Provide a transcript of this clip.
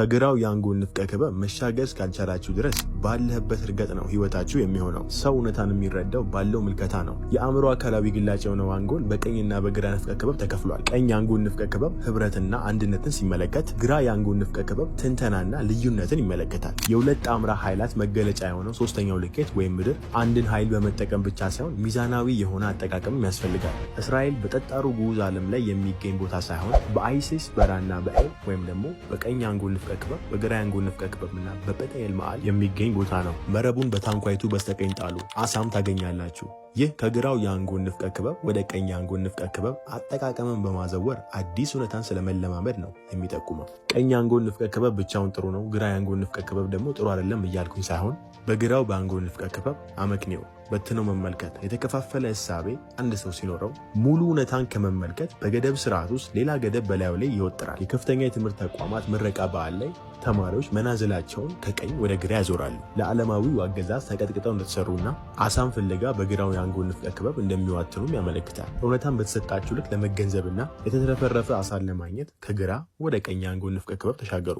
ከግራው የአንጎል ንፍቀ ክበብ መሻገር እስካልቻላችሁ ድረስ ባለህበት እርገጥ ነው ህይወታችሁ የሚሆነው። ሰው እውነታን የሚረዳው ባለው ምልከታ ነው። የአእምሮ አካላዊ ግላጭ የሆነው አንጎል በቀኝና በግራ ንፍቀ ክበብ ተከፍሏል። ቀኝ የአንጎል ንፍቀ ክበብ ህብረትና አንድነትን ሲመለከት፣ ግራ የአንጎል ንፍቀ ክበብ ትንተናና ልዩነትን ይመለከታል። የሁለት ጣምራ ኃይላት መገለጫ የሆነው ሶስተኛው ልኬት ወይም ምድር አንድን ኃይል በመጠቀም ብቻ ሳይሆን ሚዛናዊ የሆነ አጠቃቀምም ያስፈልጋል። እስራኤል በጠጣሩ ጉዑዝ ዓለም ላይ የሚገኝ ቦታ ሳይሆን በአይሲስ በራና በኤል ወይም ደግሞ በቀኝ አንጎል ንፍቀ ንፍቀ ክበብ በግራያንጎ ንፍቀ ክበብና በቤተኤል መዓል የሚገኝ ቦታ ነው። መረቡን በታንኳይቱ በስተቀኝ ጣሉ፣ አሳም ታገኛላችሁ። ይህ ከግራው የአንጎል ንፍቀ ክበብ ወደ ቀኝ የአንጎል ንፍቀ ክበብ አጠቃቀምን በማዘወር አዲስ እውነታን ስለመለማመድ ነው የሚጠቁመው። ቀኝ የአንጎል ንፍቀ ክበብ ብቻውን ጥሩ ነው፣ ግራ የአንጎል ንፍቀ ክበብ ደግሞ ጥሩ አይደለም እያልኩኝ ሳይሆን በግራው በአንጎል ንፍቀ ክበብ አመክንዮ በትኖ መመልከት የተከፋፈለ እሳቤ አንድ ሰው ሲኖረው ሙሉ እውነታን ከመመልከት በገደብ ስርዓት ውስጥ ሌላ ገደብ በላዩ ላይ ይወጥራል። የከፍተኛ የትምህርት ተቋማት ምረቃ በዓል ላይ ተማሪዎች መናዘላቸውን ከቀኝ ወደ ግራ ያዞራሉ። ለዓለማዊው አገዛዝ ተቀጥቅጠው እንደተሰሩና አሳም ፍለጋ በግራው የአንጎነት ክበብ እንደሚዋትሩም ያመለክታል። እውነታን በተሰጣችሁ ልክ ለመገንዘብና የተትረፈረፈ አሳን ለማግኘት ከግራ ወደ ቀኝ የአንጎ ንፍቀ ክበብ ተሻገሩ።